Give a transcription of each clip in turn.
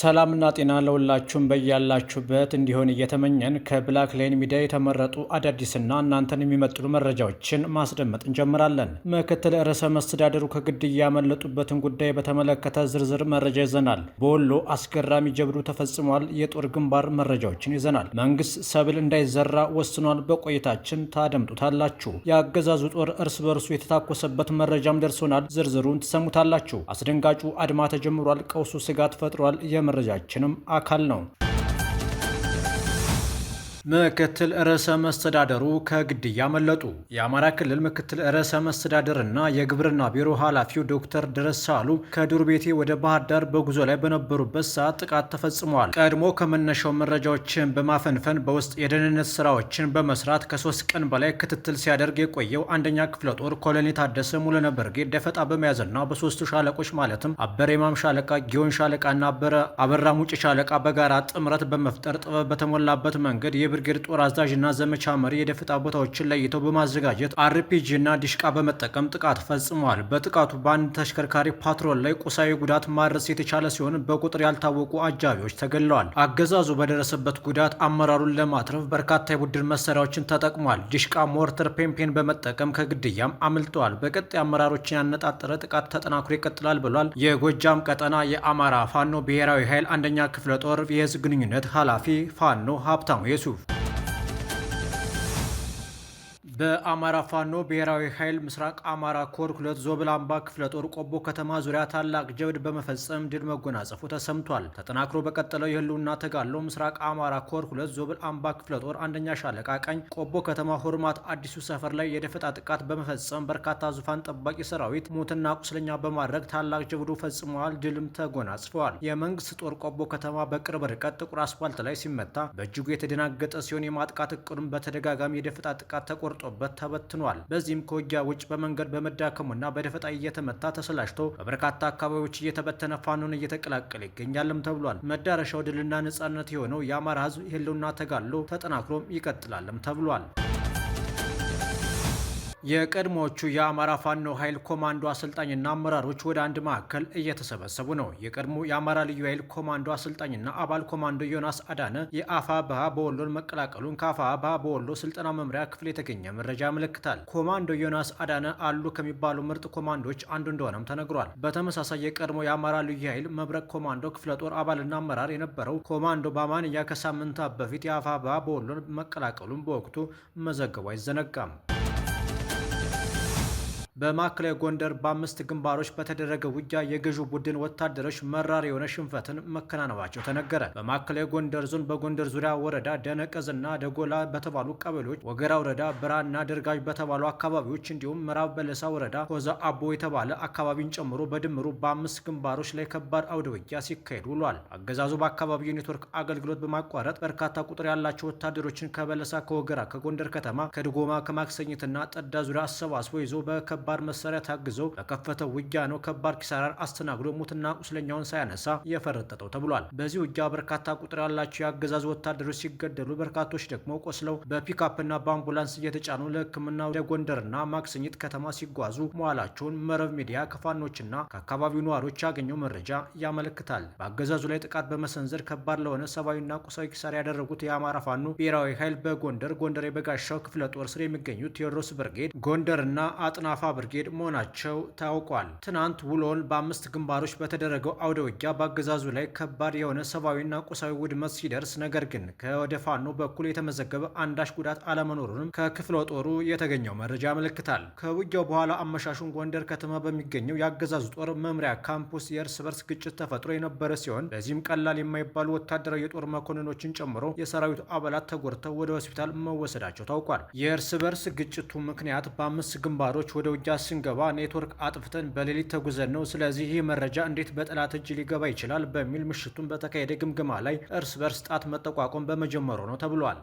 ሰላምና ጤና ለሁላችሁም በያላችሁበት እንዲሆን እየተመኘን ከብላክ ላይን ሚዲያ የተመረጡ አዳዲስና እናንተን የሚመጥሉ መረጃዎችን ማስደመጥ እንጀምራለን። ምክትል ርዕሰ መስተዳደሩ ከግድያ ያመለጡበትን ጉዳይ በተመለከተ ዝርዝር መረጃ ይዘናል። በወሎ አስገራሚ ጀብዱ ተፈጽሟል። የጦር ግንባር መረጃዎችን ይዘናል። መንግስት ሰብል እንዳይዘራ ወስኗል። በቆይታችን ታደምጡታላችሁ። የአገዛዙ ጦር እርስ በርሱ የተታኮሰበት መረጃም ደርሶናል። ዝርዝሩን ትሰሙታላችሁ። አስደንጋጩ አድማ ተጀምሯል። ቀውሱ ስጋት ፈጥሯል። የመረጃችንም አካል ነው። ምክትል ርዕሰ መስተዳደሩ ከግድያ መለጡ። የአማራ ክልል ምክትል ርዕሰ መስተዳደርና የግብርና ቢሮ ኃላፊው ዶክተር ድረስ ሳሉ ከዱር ቤቴ ወደ ባህር ዳር በጉዞ ላይ በነበሩበት ሰዓት ጥቃት ተፈጽመዋል። ቀድሞ ከመነሻው መረጃዎችን በማፈንፈን በውስጥ የደህንነት ስራዎችን በመስራት ከሶስት ቀን በላይ ክትትል ሲያደርግ የቆየው አንደኛ ክፍለ ጦር ኮሎኔል ታደሰ ሙሉነ ደፈጣ በመያዝና በሶስቱ ሻለቆች ማለትም አበረ ማም ሻለቃ፣ ጊዮን ሻለቃና አበረ አበራ ሙጭ ሻለቃ በጋራ ጥምረት በመፍጠር ጥበብ በተሞላበት መንገድ የብርጌድ ጦር አዛዥ እና ዘመቻ መሪ የደፈጣ ቦታዎችን ለይተው በማዘጋጀት አርፒጂ እና ዲሽቃ በመጠቀም ጥቃት ፈጽመዋል። በጥቃቱ በአንድ ተሽከርካሪ ፓትሮል ላይ ቁሳዊ ጉዳት ማድረስ የተቻለ ሲሆን በቁጥር ያልታወቁ አጃቢዎች ተገለዋል። አገዛዙ በደረሰበት ጉዳት አመራሩን ለማትረፍ በርካታ የቡድን መሳሪያዎችን ተጠቅሟል። ዲሽቃ፣ ሞርተር፣ ፔምፔን በመጠቀም ከግድያም አምልጠዋል። በቀጣይ አመራሮችን ያነጣጠረ ጥቃት ተጠናክሮ ይቀጥላል ብሏል። የጎጃም ቀጠና የአማራ ፋኖ ብሔራዊ ኃይል አንደኛ ክፍለ ጦር የህዝብ ግንኙነት ኃላፊ ፋኖ ሀብታሙ የሱፍ በአማራ ፋኖ ብሔራዊ ኃይል ምስራቅ አማራ ኮር ሁለት ዞብል አምባ ክፍለ ጦር ቆቦ ከተማ ዙሪያ ታላቅ ጀብድ በመፈጸም ድል መጎናጸፉ ተሰምቷል። ተጠናክሮ በቀጠለው የህልውና ተጋድሎ ምስራቅ አማራ ኮር ሁለት ዞብል አምባ ክፍለ ጦር አንደኛ ሻለቃ ቀኝ ቆቦ ከተማ ሆርማት አዲሱ ሰፈር ላይ የደፈጣ ጥቃት በመፈጸም በርካታ ዙፋን ጠባቂ ሰራዊት ሞትና ቁስለኛ በማድረግ ታላቅ ጀብዱ ፈጽመዋል። ድልም ተጎናጽፈዋል። የመንግስት ጦር ቆቦ ከተማ በቅርብ ርቀት ጥቁር አስፋልት ላይ ሲመታ በእጅጉ የተደናገጠ ሲሆን የማጥቃት እቅዱን በተደጋጋሚ የደፈጣ ጥቃት ተቆርጦ ተጋርጦበት ተበትኗል። በዚህም ከውጊያ ውጭ በመንገድ በመዳከሙና በደፈጣ እየተመታ ተሰላችቶ በበርካታ አካባቢዎች እየተበተነ ፋኖን እየተቀላቀለ ይገኛልም ተብሏል። መዳረሻው ድልና ነጻነት የሆነው የአማራ ህዝብ የህልውና ተጋድሎ ተጠናክሮም ይቀጥላልም ተብሏል። የቀድሞዎቹ የአማራ ፋኖ ኃይል ኮማንዶ አሰልጣኝና አመራሮች ወደ አንድ ማዕከል እየተሰበሰቡ ነው። የቀድሞ የአማራ ልዩ ኃይል ኮማንዶ አሰልጣኝና አባል ኮማንዶ ዮናስ አዳነ የአፋ የአፋብኃ በወሎን መቀላቀሉን ከአፋ ከአፋብኃ በወሎ ስልጠና መምሪያ ክፍል የተገኘ መረጃ ያመለክታል። ኮማንዶ ዮናስ አዳነ አሉ ከሚባሉ ምርጥ ኮማንዶዎች አንዱ እንደሆነም ተነግሯል። በተመሳሳይ የቀድሞ የአማራ ልዩ ኃይል መብረቅ ኮማንዶ ክፍለ ጦር አባልና አመራር የነበረው ኮማንዶ ባማንያ ከሳምንታት በፊት የአፋብኃ በወሎን መቀላቀሉን በወቅቱ መዘገቡ አይዘነጋም። በማዕከላዊ ጎንደር በአምስት ግንባሮች በተደረገ ውጊያ የገዢው ቡድን ወታደሮች መራር የሆነ ሽንፈትን መከናነባቸው ተነገረ። በማዕከላዊ ጎንደር ዞን በጎንደር ዙሪያ ወረዳ ደነቀዝና ደጎላ በተባሉ ቀበሌዎች፣ ወገራ ወረዳ ብራና ደርጋጅ በተባሉ አካባቢዎች እንዲሁም ምዕራብ በለሳ ወረዳ ኮዛ አቦ የተባለ አካባቢን ጨምሮ በድምሩ በአምስት ግንባሮች ላይ ከባድ አውደ ውጊያ ሲካሄድ ውሏል። አገዛዙ በአካባቢው የኔትወርክ አገልግሎት በማቋረጥ በርካታ ቁጥር ያላቸው ወታደሮችን ከበለሳ፣ ከወገራ፣ ከጎንደር ከተማ፣ ከድጎማ፣ ከማክሰኝትና ጠዳ ዙሪያ አሰባስቦ ይዞ በከባ በከባድ መሳሪያ ታግዘው በከፈተው ውጊያ ነው ከባድ ኪሳራን አስተናግዶ ሙትና ቁስለኛውን ሳያነሳ የፈረጠጠው ተብሏል። በዚህ ውጊያ በርካታ ቁጥር ያላቸው የአገዛዙ ወታደሮች ሲገደሉ፣ በርካቶች ደግሞ ቆስለው በፒካፕና በአምቡላንስ እየተጫኑ ለሕክምና ወደ ጎንደርና ማክሰኝት ከተማ ሲጓዙ መዋላቸውን መረብ ሚዲያ ከፋኖችና ከአካባቢው ነዋሪዎች ያገኘው መረጃ ያመለክታል። በአገዛዙ ላይ ጥቃት በመሰንዘር ከባድ ለሆነ ሰብአዊና ቁሳዊ ኪሳራ ያደረጉት የአማራ ፋኖ ብሔራዊ ኃይል በጎንደር ጎንደር የበጋሻው ክፍለ ጦር ስር የሚገኙት ቴዎድሮስ ብርጌድ ጎንደርና አጥናፋ ብርጌድ መሆናቸው ታውቋል። ትናንት ውሎን በአምስት ግንባሮች በተደረገው አውደ ውጊያ በአገዛዙ ላይ ከባድ የሆነ ሰብአዊና ቁሳዊ ውድመት ሲደርስ ነገር ግን ከወደ ፋኖ በኩል የተመዘገበ አንዳች ጉዳት አለመኖሩንም ከክፍለ ጦሩ የተገኘው መረጃ ያመለክታል። ከውጊያው በኋላ አመሻሹን ጎንደር ከተማ በሚገኘው የአገዛዙ ጦር መምሪያ ካምፕ ውስጥ የእርስ በርስ ግጭት ተፈጥሮ የነበረ ሲሆን በዚህም ቀላል የማይባሉ ወታደራዊ የጦር መኮንኖችን ጨምሮ የሰራዊቱ አባላት ተጎድተው ወደ ሆስፒታል መወሰዳቸው ታውቋል። የእርስ በርስ ግጭቱ ምክንያት በአምስት ግንባሮች ወደ እርምጃ ስንገባ ኔትወርክ አጥፍተን በሌሊት ተጉዘን ነው። ስለዚህ ይህ መረጃ እንዴት በጠላት እጅ ሊገባ ይችላል? በሚል ምሽቱን በተካሄደ ግምገማ ላይ እርስ በርስ ጣት መጠቋቆም በመጀመሩ ነው ተብሏል።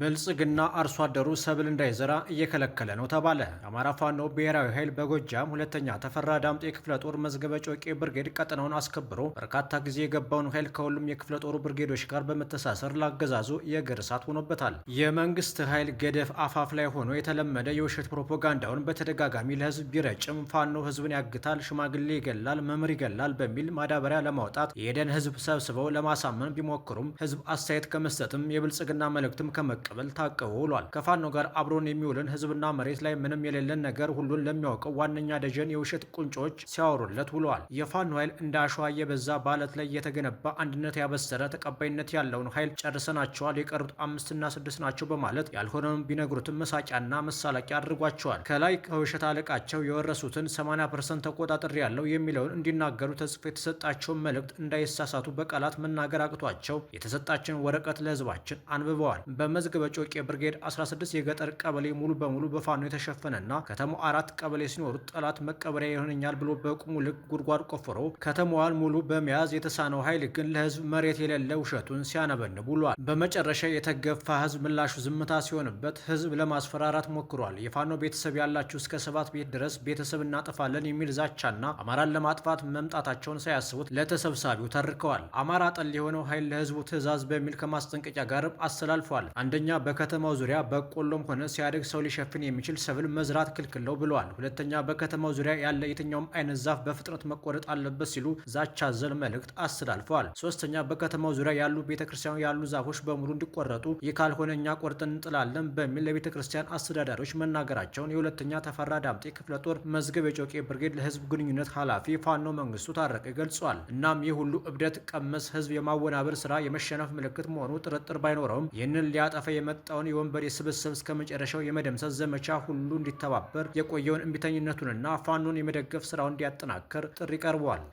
ብልጽግና አርሶ አደሩ ሰብል እንዳይዘራ እየከለከለ ነው ተባለ። የአማራ ፋኖ ብሔራዊ ኃይል በጎጃም ሁለተኛ ተፈራ ዳምጤ ክፍለ ጦር መዝገበ ጮቄ ብርጌድ ቀጠናውን አስከብሮ በርካታ ጊዜ የገባውን ኃይል ከሁሉም የክፍለ ጦሩ ብርጌዶች ጋር በመተሳሰር ላገዛዙ የእግር እሳት ሆኖበታል። የመንግስት ኃይል ገደፍ አፋፍ ላይ ሆኖ የተለመደ የውሸት ፕሮፓጋንዳውን በተደጋጋሚ ለህዝብ ቢረጭም ፋኖ ህዝብን ያግታል፣ ሽማግሌ ይገላል፣ መምህር ይገላል በሚል ማዳበሪያ ለማውጣት የሄደን ህዝብ ሰብስበው ለማሳመን ቢሞክሩም ህዝብ አስተያየት ከመስጠትም የብልጽግና መልእክትም ከመ ለመቀበል ታቅቦ ውሏል። ከፋኖ ጋር አብሮን የሚውልን ህዝብና መሬት ላይ ምንም የሌለን ነገር ሁሉን ለሚያውቀው ዋነኛ ደጀን የውሸት ቁንጮች ሲያወሩለት ውለዋል። የፋኖ ኃይል እንደ አሸዋ የበዛ በአለት ላይ የተገነባ አንድነት ያበሰረ ተቀባይነት ያለውን ኃይል ጨርሰናቸዋል፣ የቀሩት አምስትና ስድስት ናቸው በማለት ያልሆነውን ቢነግሩትም መሳቂያና መሳለቂያ አድርጓቸዋል። ከላይ ከውሸት አለቃቸው የወረሱትን 80 ፐርሰንት ተቆጣጠር ያለው የሚለውን እንዲናገሩ ተጽፎ የተሰጣቸውን መልእክት እንዳይሳሳቱ በቃላት መናገር አቅቷቸው የተሰጣቸውን ወረቀት ለህዝባችን አንብበዋል። በመዝ በዝግበ ጮቄ ብርጌድ 16 የገጠር ቀበሌ ሙሉ በሙሉ በፋኖ የተሸፈነና ከተማው አራት ቀበሌ ሲኖሩት ጠላት መቀበሪያ ይሆነኛል ብሎ በቁሙ ልክ ጉድጓድ ቆፍሮ ከተማዋን ሙሉ በመያዝ የተሳነው ኃይል ግን ለህዝብ መሬት የሌለ ውሸቱን ሲያነበንብ ውሏል። በመጨረሻ የተገፋ ህዝብ ምላሹ ዝምታ ሲሆንበት ህዝብ ለማስፈራራት ሞክሯል። የፋኖ ቤተሰብ ያላችሁ እስከ ሰባት ቤት ድረስ ቤተሰብ እናጠፋለን የሚል ዛቻና አማራን ለማጥፋት መምጣታቸውን ሳያስቡት ለተሰብሳቢው ተርከዋል። አማራ ጠል የሆነው ኃይል ለህዝቡ ትዕዛዝ በሚል ከማስጠንቀቂያ ጋርም አስተላልፏል። አንደኛ በከተማው ዙሪያ በቆሎም ሆነ ሲያድግ ሰው ሊሸፍን የሚችል ሰብል መዝራት ክልክል ነው ብለዋል። ሁለተኛ በከተማው ዙሪያ ያለ የትኛውም አይነት ዛፍ በፍጥነት መቆረጥ አለበት ሲሉ ዛቻ ዘል መልእክት አስተላልፈዋል። ሶስተኛ በከተማው ዙሪያ ያሉ ቤተ ክርስቲያን ያሉ ዛፎች በሙሉ እንዲቆረጡ፣ ይህ ካልሆነ እኛ ቆርጠን እንጥላለን በሚል ለቤተ ክርስቲያን አስተዳዳሪዎች መናገራቸውን የሁለተኛ ተፈራ ዳምጤ ክፍለ ጦር መዝገብ የጮቄ ብርጌድ ለህዝብ ግንኙነት ኃላፊ ፋኖ መንግስቱ ታረቀ ገልጿል። እናም ይህ ሁሉ እብደት ቀመስ ህዝብ የማወናበር ስራ የመሸነፍ ምልክት መሆኑ ጥርጥር ባይኖረውም ይህንን ሊያጠ እየተጣጣፈ የመጣውን የወንበር የስብስብ እስከ መጨረሻው የመደምሰስ ዘመቻ ሁሉ እንዲተባበር የቆየውን እምቢተኝነቱንና ፋኖን የመደገፍ ስራውን እንዲያጠናክር ጥሪ ቀርቧል።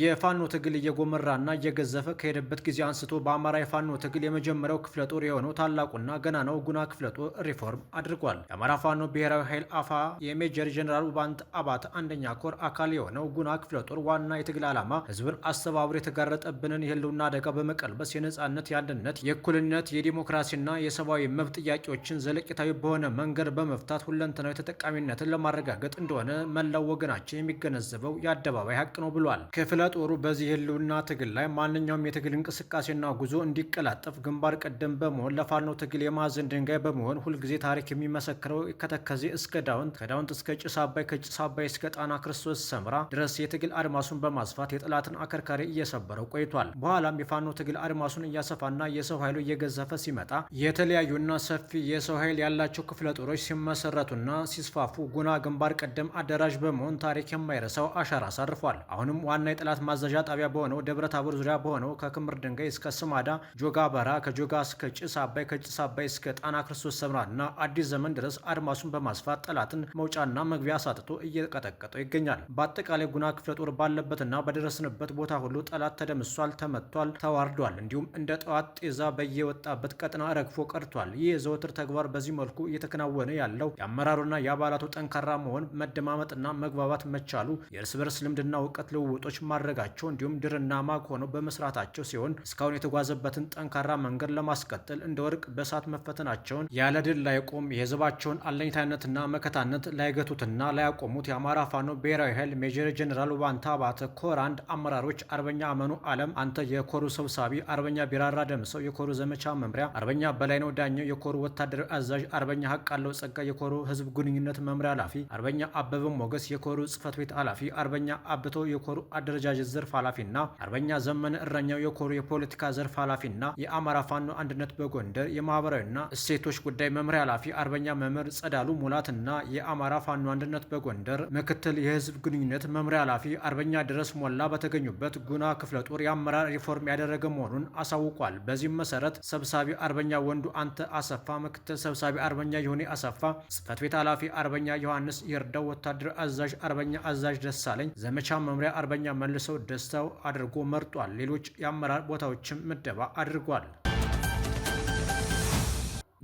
የፋኖ ትግል እየጎመራና እየገዘፈ ከሄደበት ጊዜ አንስቶ በአማራ የፋኖ ትግል የመጀመሪያው ክፍለ ጦር የሆነው ታላቁና ገናናው ጉና ክፍለ ጦር ሪፎርም አድርጓል። የአማራ ፋኖ ብሔራዊ ኃይል አፋ የሜጀር ጀኔራል ውባንት አባት አንደኛ ኮር አካል የሆነው ጉና ክፍለ ጦር ዋና የትግል ዓላማ ህዝብን አስተባብሮ የተጋረጠብንን የህልውና አደጋ በመቀልበስ የነጻነት፣ የአንድነት፣ የእኩልነት፣ የዲሞክራሲና የሰብአዊ መብት ጥያቄዎችን ዘለቂታዊ በሆነ መንገድ በመፍታት ሁለንተናዊ ተጠቃሚነትን ለማረጋገጥ እንደሆነ መላው ወገናችን የሚገነዘበው የአደባባይ ሀቅ ነው ብሏል። ክፍለ ጦሩ በዚህ ህልውና ትግል ላይ ማንኛውም የትግል እንቅስቃሴና ጉዞ እንዲቀላጠፍ ግንባር ቀደም በመሆን ለፋኖ ትግል የማዕዘን ድንጋይ በመሆን ሁልጊዜ ታሪክ የሚመሰክረው ከተከዜ እስከ ዳውንት፣ ከዳውንት እስከ ጭስ አባይ፣ ከጭስ አባይ እስከ ጣና ክርስቶስ ሰምራ ድረስ የትግል አድማሱን በማስፋት የጠላትን አከርካሪ እየሰበረው ቆይቷል። በኋላም የፋኖ ትግል አድማሱን እያሰፋና የሰው ኃይሉ እየገዘፈ ሲመጣ የተለያዩና ሰፊ የሰው ኃይል ያላቸው ክፍለ ጦሮች ሲመሰረቱና ሲስፋፉ ጉና ግንባር ቀደም አደራጅ በመሆን ታሪክ የማይረሳው አሻራ አሳርፏል። አሁንም ዋና የጠላት የጭነት ማዘዣ ጣቢያ በሆነው ደብረ ታቦር ዙሪያ በሆነው ከክምር ድንጋይ እስከ ስማዳ ጆጋ በራ ከጆጋ እስከ ጭስ አባይ፣ ከጭስ አባይ እስከ ጣና ክርስቶስ ሰምራና አዲስ ዘመን ድረስ አድማሱን በማስፋት ጠላትን መውጫና መግቢያ አሳጥቶ እየቀጠቀጠው ይገኛል። በአጠቃላይ ጉና ክፍለ ጦር ባለበትና በደረስንበት ቦታ ሁሉ ጠላት ተደምሷል፣ ተመቷል፣ ተዋርዷል። እንዲሁም እንደ ጠዋት ጤዛ በየወጣበት ቀጥና ረግፎ ቀርቷል። ይህ የዘወትር ተግባር በዚህ መልኩ እየተከናወነ ያለው የአመራሩና የአባላቱ ጠንካራ መሆን መደማመጥና መግባባት መቻሉ የእርስ በርስ ልምድና እውቀት ልውውጦች ማ ማድረጋቸው እንዲሁም ድርና ማግ ሆነው በመስራታቸው ሲሆን እስካሁን የተጓዘበትን ጠንካራ መንገድ ለማስቀጠል እንደ ወርቅ በእሳት መፈተናቸውን ያለ ድል ላይቆም የህዝባቸውን አለኝታነትና መከታነት ላይገቱትና ላያቆሙት የአማራ ፋኖ ብሔራዊ ኃይል ሜጀር ጀኔራል ዋንታ ባተ ኮር አንድ አመራሮች አርበኛ አመኑ አለም አንተ የኮሩ ሰብሳቢ፣ አርበኛ ቢራራ ደምሰው የኮሩ ዘመቻ መምሪያ፣ አርበኛ በላይነው ዳኘው የኮሩ ወታደራዊ አዛዥ፣ አርበኛ ሀቃለው ጸጋ የኮሩ ህዝብ ግንኙነት መምሪያ ኃላፊ፣ አርበኛ አበበ ሞገስ የኮሩ ጽህፈት ቤት ኃላፊ፣ አርበኛ አብተው የኮሩ አደረጃ አደረጃጀት ዘርፍ ኃላፊና አርበኛ ዘመነ እረኛው የኮሩ የፖለቲካ ዘርፍ ኃላፊና የአማራ ፋኖ አንድነት በጎንደር የማህበራዊና እሴቶች ጉዳይ መምሪያ ኃላፊ አርበኛ መምህር ጸዳሉ ሙላትና የአማራ ፋኖ አንድነት በጎንደር ምክትል የህዝብ ግንኙነት መምሪያ ኃላፊ አርበኛ ድረስ ሞላ በተገኙበት ጉና ክፍለ ጦር የአመራር ሪፎርም ያደረገ መሆኑን አሳውቋል። በዚህም መሰረት ሰብሳቢ አርበኛ ወንዱ አንተ አሰፋ፣ ምክትል ሰብሳቢ አርበኛ የሆኔ አሰፋ፣ ጽህፈት ቤት ኃላፊ አርበኛ ዮሐንስ ይርዳው፣ ወታደር አዛዥ አርበኛ አዛዥ ደሳለኝ፣ ዘመቻ መምሪያ አርበኛ መልስ ሰው ደስታው አድርጎ መርጧል። ሌሎች የአመራር ቦታዎችም ምደባ አድርጓል።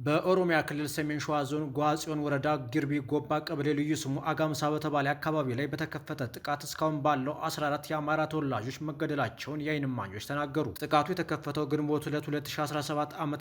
በኦሮሚያ ክልል ሰሜን ሸዋ ዞን ጓጽዮን ወረዳ ግርቢ ጎባ ቀበሌ ልዩ ስሙ አጋምሳ በተባለ አካባቢ ላይ በተከፈተ ጥቃት እስካሁን ባለው 14 የአማራ ተወላጆች መገደላቸውን የአይን እማኞች ተናገሩ። ጥቃቱ የተከፈተው ግንቦት 2 2017 ዓ ም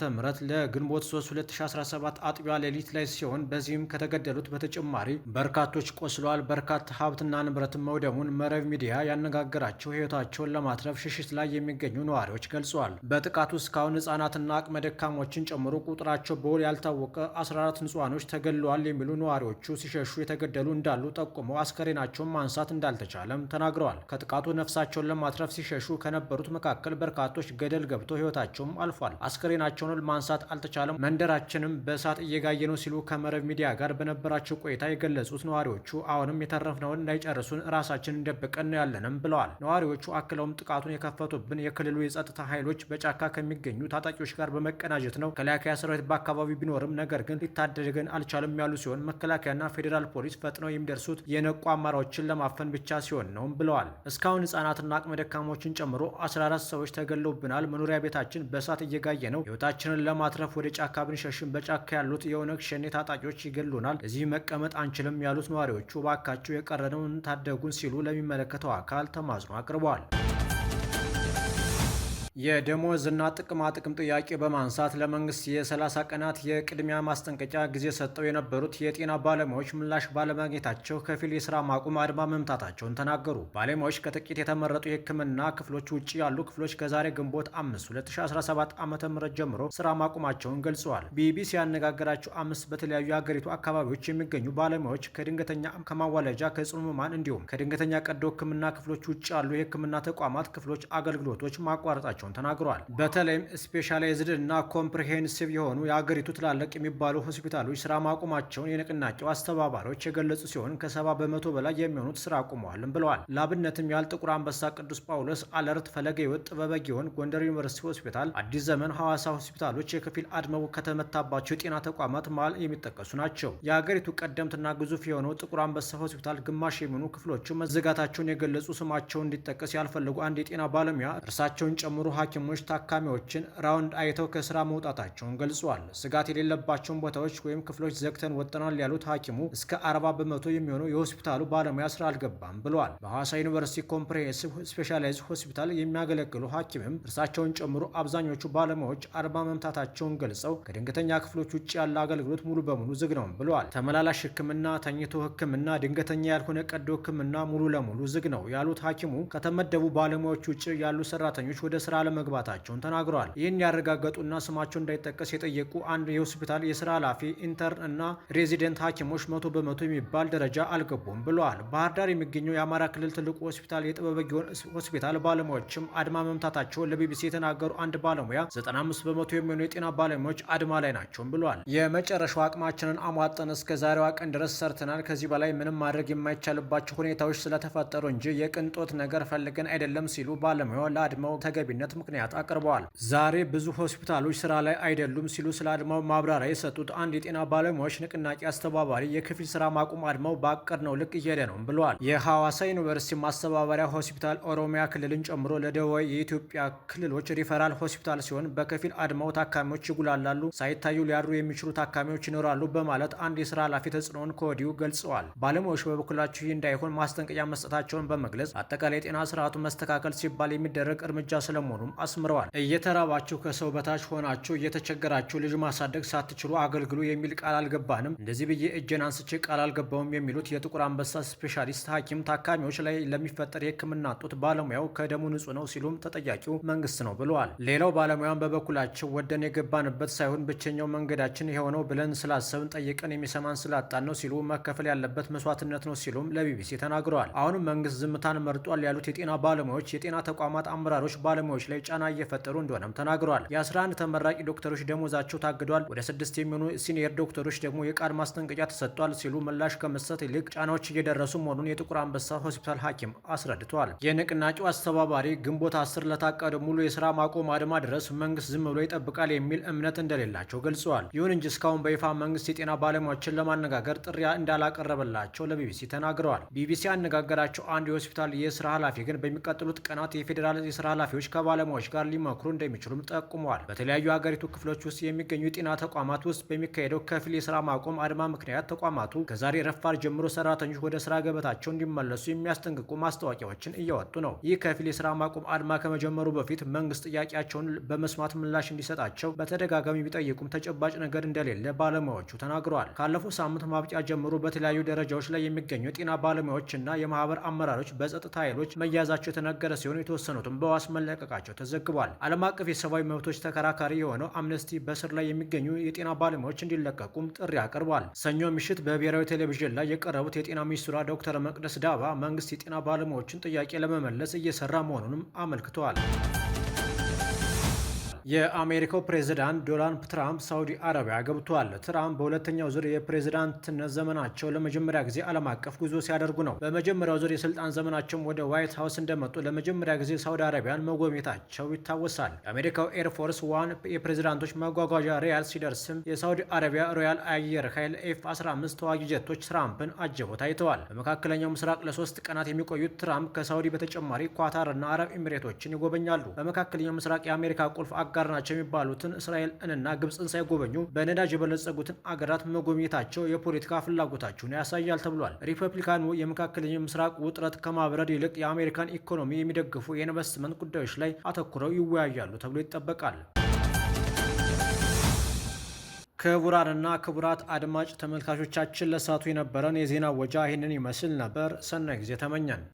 ለግንቦት 3 2017 አጥቢያ ሌሊት ላይ ሲሆን በዚህም ከተገደሉት በተጨማሪ በርካቶች ቆስለዋል። በርካታ ሀብትና ንብረት መውደሙን መረብ ሚዲያ ያነጋገራቸው ሕይወታቸውን ለማትረፍ ሽሽት ላይ የሚገኙ ነዋሪዎች ገልጸዋል። በጥቃቱ እስካሁን ህጻናትና አቅመ ደካሞችን ጨምሮ ቁጥራቸው በ በውል ያልታወቀ 14 ንጹሐኖች ተገድለዋል የሚሉ ነዋሪዎቹ ሲሸሹ የተገደሉ እንዳሉ ጠቁመው አስከሬናቸውን ማንሳት እንዳልተቻለም ተናግረዋል። ከጥቃቱ ነፍሳቸውን ለማትረፍ ሲሸሹ ከነበሩት መካከል በርካቶች ገደል ገብተው ህይወታቸውም አልፏል። አስከሬናቸውን ማንሳት አልተቻለም። መንደራችንም በእሳት እየጋየ ነው ሲሉ ከመረብ ሚዲያ ጋር በነበራቸው ቆይታ የገለጹት ነዋሪዎቹ አሁንም የተረፍነውን እንዳይጨርሱን ራሳችንን እንደብቀን ነው ያለንም ብለዋል። ነዋሪዎቹ አክለውም ጥቃቱን የከፈቱብን የክልሉ የጸጥታ ኃይሎች በጫካ ከሚገኙ ታጣቂዎች ጋር በመቀናጀት ነው። ከላከያ ሰራዊት በአካባቢ አካባቢ ቢኖርም ነገር ግን ሊታደገን ግን አልቻለም ያሉ ሲሆን መከላከያና ፌዴራል ፖሊስ ፈጥነው የሚደርሱት የነቁ አማራዎችን ለማፈን ብቻ ሲሆን ነውም ብለዋል። እስካሁን ህጻናትና አቅመ ደካሞችን ጨምሮ 14 ሰዎች ተገለውብናል። መኖሪያ ቤታችን በእሳት እየጋየ ነው። ህይወታችንን ለማትረፍ ወደ ጫካ ብንሸሽም በጫካ ያሉት የኦነግ ሸኔ ታጣቂዎች ይገሉናል። እዚህ መቀመጥ አንችልም ያሉት ነዋሪዎቹ በአካቸው የቀረነውን ታደጉን ሲሉ ለሚመለከተው አካል ተማጽኖ አቅርበዋል። የደሞዝ እና ጥቅማ ጥቅም ጥያቄ በማንሳት ለመንግስት የ30 ቀናት የቅድሚያ ማስጠንቀቂያ ጊዜ ሰጠው የነበሩት የጤና ባለሙያዎች ምላሽ ባለማግኘታቸው ከፊል የስራ ማቆም አድማ መምታታቸውን ተናገሩ። ባለሙያዎች ከጥቂት የተመረጡ የሕክምና ክፍሎች ውጭ ያሉ ክፍሎች ከዛሬ ግንቦት 5 2017 ዓ.ም ጀምሮ ስራ ማቆማቸውን ገልጸዋል። ቢቢሲ ያነጋገራቸው አምስት በተለያዩ የአገሪቱ አካባቢዎች የሚገኙ ባለሙያዎች ከድንገተኛ ከማዋለጃ፣ ከጽኑ ህሙማን እንዲሁም ከድንገተኛ ቀዶ ሕክምና ክፍሎች ውጭ ያሉ የሕክምና ተቋማት ክፍሎች አገልግሎቶች ማቋረጣቸው መሆናቸውን ተናግረዋል። በተለይም ስፔሻላይዝድ እና ኮምፕሪሄንሲቭ የሆኑ የአገሪቱ ትላልቅ የሚባሉ ሆስፒታሎች ስራ ማቆማቸውን የንቅናቄው አስተባባሪዎች የገለጹ ሲሆን ከሰባ በመቶ በላይ የሚሆኑት ስራ አቁመዋልም ብለዋል። ላብነትም ያህል ጥቁር አንበሳ፣ ቅዱስ ጳውሎስ፣ አለርት፣ ፈለገ ሕይወት፣ ጥበበ ጊዮን፣ ጎንደር ዩኒቨርሲቲ ሆስፒታል፣ አዲስ ዘመን፣ ሐዋሳ ሆስፒታሎች የከፊል አድመው ከተመታባቸው የጤና ተቋማት መሃል የሚጠቀሱ ናቸው። የአገሪቱ ቀደምትና ግዙፍ የሆነው ጥቁር አንበሳ ሆስፒታል ግማሽ የሚሆኑ ክፍሎቹ መዘጋታቸውን የገለጹ ስማቸው እንዲጠቀስ ያልፈለጉ አንድ የጤና ባለሙያ እርሳቸውን ጨምሮ ሐኪሞች ታካሚዎችን ራውንድ አይተው ከስራ መውጣታቸውን ገልጸዋል። ስጋት የሌለባቸውን ቦታዎች ወይም ክፍሎች ዘግተን ወጥናል ያሉት ሐኪሙ እስከ 40 በመቶ የሚሆኑ የሆስፒታሉ ባለሙያ ስራ አልገባም ብለዋል። በሐዋሳ ዩኒቨርሲቲ ኮምፕሬሄንሲቭ ስፔሻላይዝ ሆስፒታል የሚያገለግሉ ሐኪምም እርሳቸውን ጨምሮ አብዛኞቹ ባለሙያዎች አርባ መምታታቸውን ገልጸው ከድንገተኛ ክፍሎች ውጭ ያለ አገልግሎት ሙሉ በሙሉ ዝግ ነው ብለዋል። ተመላላሽ ሕክምና፣ ተኝቶ ሕክምና፣ ድንገተኛ ያልሆነ ቀዶ ሕክምና ሙሉ ለሙሉ ዝግ ነው ያሉት ሐኪሙ ከተመደቡ ባለሙያዎች ውጭ ያሉ ሰራተኞች ወደ ስራ አለመግባታቸውን ተናግረዋል። ይህን ያረጋገጡና ስማቸው እንዳይጠቀስ የጠየቁ አንድ የሆስፒታል የስራ ኃላፊ ኢንተርን እና ሬዚደንት ሐኪሞች መቶ በመቶ የሚባል ደረጃ አልገቡም ብለዋል። ባህር ዳር የሚገኘው የአማራ ክልል ትልቁ ሆስፒታል የጥበበ ግዮን ሆስፒታል ባለሙያዎችም አድማ መምታታቸውን ለቢቢሲ የተናገሩ አንድ ባለሙያ 95 በመቶ የሚሆኑ የጤና ባለሙያዎች አድማ ላይ ናቸውም ብለዋል። የመጨረሻው አቅማችንን አሟጠን እስከ ዛሬዋ ቀን ድረስ ሰርተናል። ከዚህ በላይ ምንም ማድረግ የማይቻልባቸው ሁኔታዎች ስለተፈጠሩ እንጂ የቅንጦት ነገር ፈልገን አይደለም ሲሉ ባለሙያው ለአድማው ተገቢነት ምክንያት አቅርበዋል። ዛሬ ብዙ ሆስፒታሎች ስራ ላይ አይደሉም ሲሉ ስለ አድማው ማብራሪያ የሰጡት አንድ የጤና ባለሙያዎች ንቅናቄ አስተባባሪ የከፊል ስራ ማቆም አድማው ነው ልክ እየሄደ ነው ብለዋል። የሐዋሳ ዩኒቨርሲቲ ማስተባበሪያ ሆስፒታል ኦሮሚያ ክልልን ጨምሮ ለደቡባዊ የኢትዮጵያ ክልሎች ሪፈራል ሆስፒታል ሲሆን በከፊል አድማው ታካሚዎች ይጉላላሉ፣ ሳይታዩ ሊያድሩ የሚችሉ ታካሚዎች ይኖራሉ በማለት አንድ የስራ ኃላፊ ተጽዕኖውን ከወዲሁ ገልጸዋል። ባለሙያዎች በበኩላቸው ይህ እንዳይሆን ማስጠንቀቂያ መስጠታቸውን በመግለጽ አጠቃላይ የጤና ስርዓቱ መስተካከል ሲባል የሚደረግ እርምጃ ስለመሆኑ መሆኑም አስምረዋል። እየተራባችሁ ከሰው በታች ሆናችሁ እየተቸገራችሁ ልጅ ማሳደግ ሳትችሉ አገልግሉ የሚል ቃል አልገባንም፣ እንደዚህ ብዬ እጄን አንስቼ ቃል አልገባውም የሚሉት የጥቁር አንበሳ ስፔሻሊስት ሐኪም ታካሚዎች ላይ ለሚፈጠር የህክምና ጡት ባለሙያው ከደሙ ንጹህ ነው ሲሉም ተጠያቂው መንግስት ነው ብለዋል። ሌላው ባለሙያን በበኩላቸው ወደን የገባንበት ሳይሆን ብቸኛው መንገዳችን የሆነው ብለን ስላሰብን ጠይቀን የሚሰማን ስላጣን ነው ሲሉ መከፈል ያለበት መስዋዕትነት ነው ሲሉም ለቢቢሲ ተናግረዋል። አሁንም መንግስት ዝምታን መርጧል ያሉት የጤና ባለሙያዎች የጤና ተቋማት አመራሮች ባለሙያዎች ላይ ጫና እየፈጠሩ እንደሆነም ተናግረዋል። የ11 ተመራቂ ዶክተሮች ደሞዛቸው ታግዷል፣ ወደ ስድስት የሚሆኑ ሲኒየር ዶክተሮች ደግሞ የቃል ማስጠንቀቂያ ተሰጥቷል ሲሉ ምላሽ ከመስጠት ይልቅ ጫናዎች እየደረሱ መሆኑን የጥቁር አንበሳ ሆስፒታል ሐኪም አስረድቷል። የንቅናቄው አስተባባሪ ግንቦት አስር ለታቀደ ሙሉ የስራ ማቆም አድማ ድረስ መንግስት ዝም ብሎ ይጠብቃል የሚል እምነት እንደሌላቸው ገልጸዋል። ይሁን እንጂ እስካሁን በይፋ መንግስት የጤና ባለሙያዎችን ለማነጋገር ጥሪ እንዳላቀረበላቸው ለቢቢሲ ተናግረዋል። ቢቢሲ ያነጋገራቸው አንድ የሆስፒታል የስራ ኃላፊ ግን በሚቀጥሉት ቀናት የፌዴራል የስራ ኃላፊዎች ከባ ባለሙያዎች ጋር ሊመክሩ እንደሚችሉም ጠቁመዋል። በተለያዩ የሀገሪቱ ክፍሎች ውስጥ የሚገኙ የጤና ተቋማት ውስጥ በሚካሄደው ከፊል የስራ ማቆም አድማ ምክንያት ተቋማቱ ከዛሬ ረፋር ጀምሮ ሰራተኞች ወደ ስራ ገበታቸው እንዲመለሱ የሚያስጠንቅቁ ማስታወቂያዎችን እያወጡ ነው። ይህ ከፊል የስራ ማቆም አድማ ከመጀመሩ በፊት መንግስት ጥያቄያቸውን በመስማት ምላሽ እንዲሰጣቸው በተደጋጋሚ ቢጠይቁም ተጨባጭ ነገር እንደሌለ ባለሙያዎቹ ተናግረዋል። ካለፈው ሳምንት ማብቂያ ጀምሮ በተለያዩ ደረጃዎች ላይ የሚገኙ የጤና ባለሙያዎችና የማህበር አመራሮች በጸጥታ ኃይሎች መያዛቸው የተነገረ ሲሆን የተወሰኑትም በዋስ መለቀቃቸው መሆናቸው ተዘግቧል። ዓለም አቀፍ የሰብአዊ መብቶች ተከራካሪ የሆነው አምነስቲ በስር ላይ የሚገኙ የጤና ባለሙያዎች እንዲለቀቁም ጥሪ አቅርቧል። ሰኞ ምሽት በብሔራዊ ቴሌቪዥን ላይ የቀረቡት የጤና ሚኒስትሯ ዶክተር መቅደስ ዳባ መንግስት የጤና ባለሙያዎችን ጥያቄ ለመመለስ እየሰራ መሆኑንም አመልክተዋል። የአሜሪካው ፕሬዝዳንት ዶናልድ ትራምፕ ሳውዲ አረቢያ ገብቷል። ትራምፕ በሁለተኛው ዙር የፕሬዝዳንትነት ዘመናቸው ለመጀመሪያ ጊዜ ዓለም አቀፍ ጉዞ ሲያደርጉ ነው። በመጀመሪያው ዙር የስልጣን ዘመናቸውም ወደ ዋይት ሀውስ እንደመጡ ለመጀመሪያ ጊዜ ሳውዲ አረቢያን መጎብኘታቸው ይታወሳል። የአሜሪካው ኤርፎርስ ዋን የፕሬዝዳንቶች መጓጓዣ ሪያድ ሲደርስም የሳውዲ አረቢያ ሮያል አየር ኃይል ኤፍ 15 ተዋጊ ጀቶች ትራምፕን አጀቦ ታይተዋል። በመካከለኛው ምስራቅ ለሶስት ቀናት የሚቆዩት ትራምፕ ከሳውዲ በተጨማሪ ኳታርና አረብ ኤሚሬቶችን ይጎበኛሉ። በመካከለኛው ምስራቅ የአሜሪካ ቁልፍ አጋ አጋር ናቸው የሚባሉትን እስራኤልንና ግብፅን ሳይጎበኙ በነዳጅ የበለጸጉትን አገራት መጎብኘታቸው የፖለቲካ ፍላጎታቸውን ያሳያል ተብሏል። ሪፐብሊካኑ የመካከለኛ ምስራቅ ውጥረት ከማብረድ ይልቅ የአሜሪካን ኢኮኖሚ የሚደግፉ የኢንቨስትመንት ጉዳዮች ላይ አተኩረው ይወያያሉ ተብሎ ይጠበቃል። ክቡራንና ክቡራት አድማጭ ተመልካቾቻችን ለሳቱ የነበረን የዜና ወጃ ይህንን ይመስል ነበር። ሰናይ ጊዜ ተመኘን።